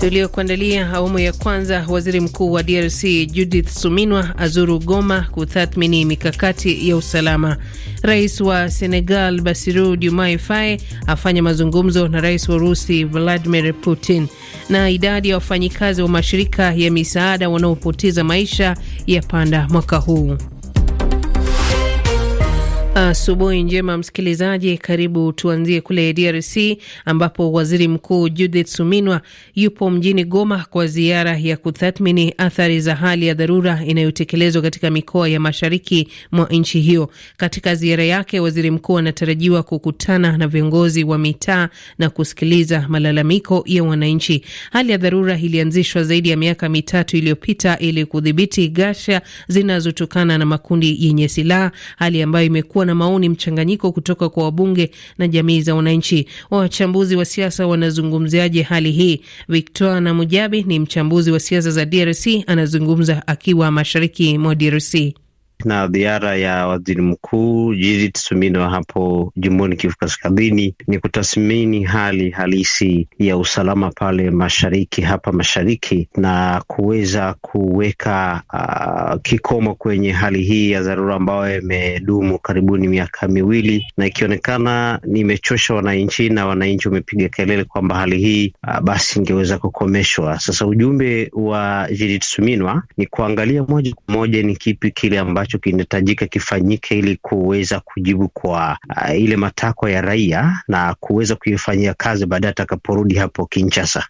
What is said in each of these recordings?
Tuliokuandalia awamu ya kwanza. Waziri mkuu wa DRC Judith Suminwa azuru Goma kutathmini mikakati ya usalama. Rais wa Senegal Bassirou Diomaye Faye afanya mazungumzo na rais wa Urusi Vladimir Putin. Na idadi ya wafanyikazi wa mashirika ya misaada wanaopoteza maisha ya panda mwaka huu. Asubuhi njema msikilizaji, karibu. Tuanzie kule DRC ambapo waziri mkuu Judith Suminwa yupo mjini Goma kwa ziara ya kutathmini athari za hali ya dharura inayotekelezwa katika mikoa ya mashariki mwa nchi hiyo. Katika ziara yake, waziri mkuu anatarajiwa kukutana na viongozi wa mitaa na kusikiliza malalamiko ya wananchi. Hali ya dharura ilianzishwa zaidi ya miaka mitatu iliyopita ili kudhibiti ghasia zinazotokana na makundi yenye silaha, hali ambayo imekuwa na maoni mchanganyiko kutoka kwa wabunge na jamii za wananchi. Wachambuzi wa siasa wanazungumziaje hali hii? Victor na Mujabi ni mchambuzi wa siasa za DRC, anazungumza akiwa mashariki mwa DRC na ziara ya waziri mkuu Judith Suminwa hapo jimboni Kivu Kaskazini ni kutathmini hali halisi ya usalama pale mashariki, hapa mashariki, na kuweza kuweka uh, kikomo kwenye hali hii ya dharura ambayo imedumu karibuni miaka miwili na ikionekana nimechosha wananchi na wananchi wamepiga kelele kwamba hali hii uh, basi ingeweza kukomeshwa. Sasa ujumbe wa Judith Suminwa ni kuangalia moja kwa moja ni kipi kile ambacho ambacho kinahitajika kifanyike ili kuweza kujibu kwa uh, ile matakwa ya raia na kuweza kuifanyia kazi baadaye atakaporudi hapo Kinshasa.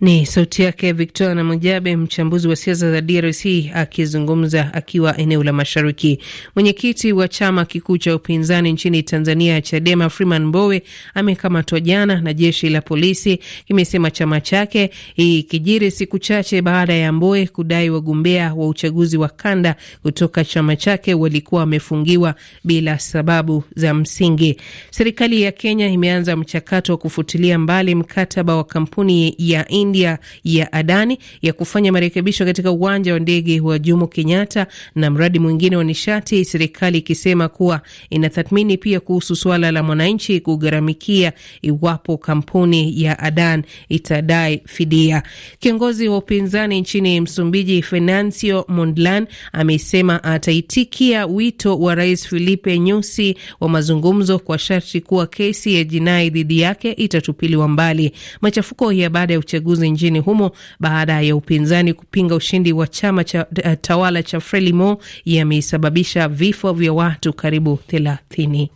Ni sauti yake Victor na Mujabe, mchambuzi wa siasa za DRC akizungumza akiwa eneo la mashariki. Mwenyekiti wa chama kikuu cha upinzani nchini Tanzania Chadema, Freeman Mbowe amekamatwa jana na jeshi la polisi, kimesema chama chake, hii ikijiri siku chache baada ya Mbowe kudai wagombea wa uchaguzi wa kanda kutoka chama chake walikuwa wamefungiwa bila sababu za msingi. Serikali ya Kenya imeanza mchakato wa kufutilia mbali mkataba wa kampuni ya India ya Adani ya kufanya marekebisho katika uwanja wa ndege wa Jomo Kenyatta na mradi mwingine wa nishati, serikali ikisema kuwa inatathmini pia kuhusu suala la mwananchi kugharamikia iwapo kampuni ya Adan itadai fidia. Kiongozi wa upinzani nchini Msumbiji, Fenancio Mondlan, amesema ataitikia wito wa Rais Filipe Nyusi wa mazungumzo kwa sharti kuwa kesi ya jinai dhidi yake itatupiliwa mbali. Machafuko ya baada ya uchaguzi nchini humo baada ya upinzani kupinga ushindi wa chama cha eh, tawala cha Frelimo yamesababisha vifo vya watu karibu thelathini.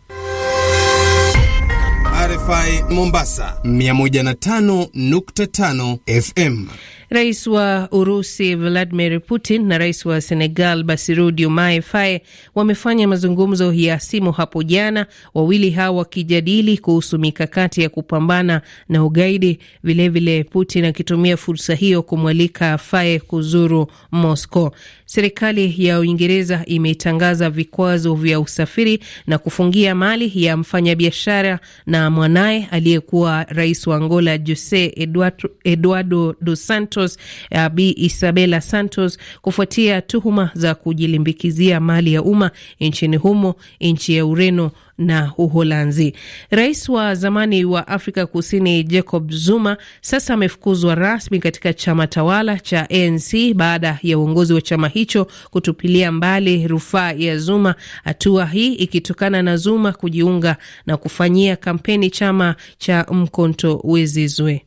RFI Mombasa 105.5 FM. Rais wa Urusi Vladimir Putin na rais wa Senegal Bassirou Diomaye Faye wamefanya mazungumzo ya simu hapo jana, wawili hao wakijadili kuhusu mikakati ya kupambana na ugaidi. Vilevile Putin akitumia fursa hiyo kumwalika Faye kuzuru Moscow. Serikali ya Uingereza imetangaza vikwazo vya usafiri na kufungia mali ya mfanyabiashara na mwanaye aliyekuwa rais wa Angola Jose Eduardo, dos Santos uh, Bi Isabela Santos kufuatia tuhuma za kujilimbikizia mali ya umma nchini humo, nchi ya Ureno na Uholanzi. Rais wa zamani wa Afrika Kusini Jacob Zuma sasa amefukuzwa rasmi katika chama tawala cha ANC baada ya uongozi wa chama hicho kutupilia mbali rufaa ya Zuma, hatua hii ikitokana na Zuma kujiunga na kufanyia kampeni chama cha Mkonto Wezizwe.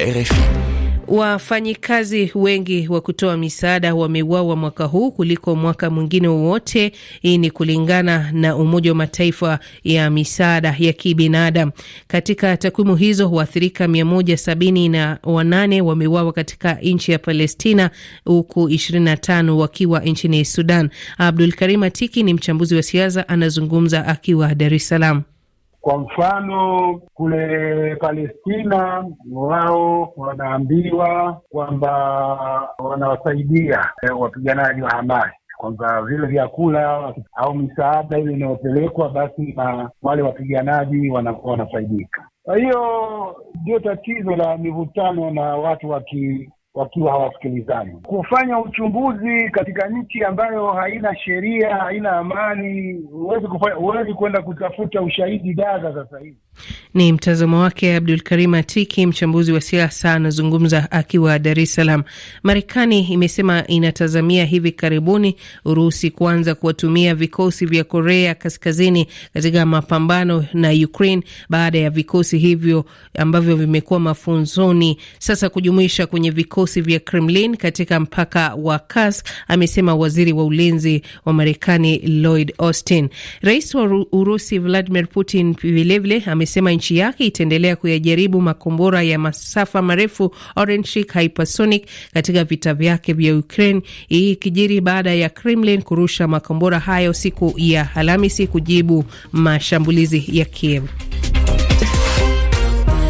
RFI. Wafanyikazi wengi wa kutoa misaada wameuawa mwaka huu kuliko mwaka mwingine wowote. Hii ni kulingana na Umoja wa Mataifa ya misaada ya kibinadamu. Katika takwimu hizo, waathirika mia moja na wanane wameuawa katika nchi ya Palestina, huku 25 wakiwa nchini Sudan. Abdul Karim Atiki ni mchambuzi wa siasa, anazungumza akiwa Dar es Salaam. Kwa mfano kule Palestina, wao wanaambiwa kwamba wanawasaidia eh, wapiganaji wa hamasi kwamba vile vyakula au misaada ile inayopelekwa basi na wale wapiganaji wanakuwa wanafaidika. Kwa hiyo ndio tatizo la mivutano na watu waki wakiwa hawasikilizani. Kufanya uchunguzi katika nchi ambayo haina sheria, haina amani, huwezi kufanya, huwezi kwenda kutafuta ushahidi dada. Sasa hivi ni mtazamo wake Abdul Karim Atiki, mchambuzi wa siasa, anazungumza akiwa Dar es Salaam. Marekani imesema inatazamia hivi karibuni Urusi kuanza kuwatumia vikosi vya Korea Kaskazini katika mapambano na Ukraine baada ya vikosi hivyo ambavyo vimekuwa mafunzoni sasa kujumuisha kwenye vikosi vikosi vya Kremlin katika mpaka wa Kursk, amesema waziri wa ulinzi wa Marekani Lloyd Austin. Rais wa Urusi Vladimir Putin vilevile amesema nchi yake itaendelea kuyajaribu makombora ya masafa marefu Oreshnik hypersonic katika vita vyake vya Ukraine. Hii ikijiri baada ya Kremlin kurusha makombora hayo siku ya Alhamisi kujibu mashambulizi ya Kiev.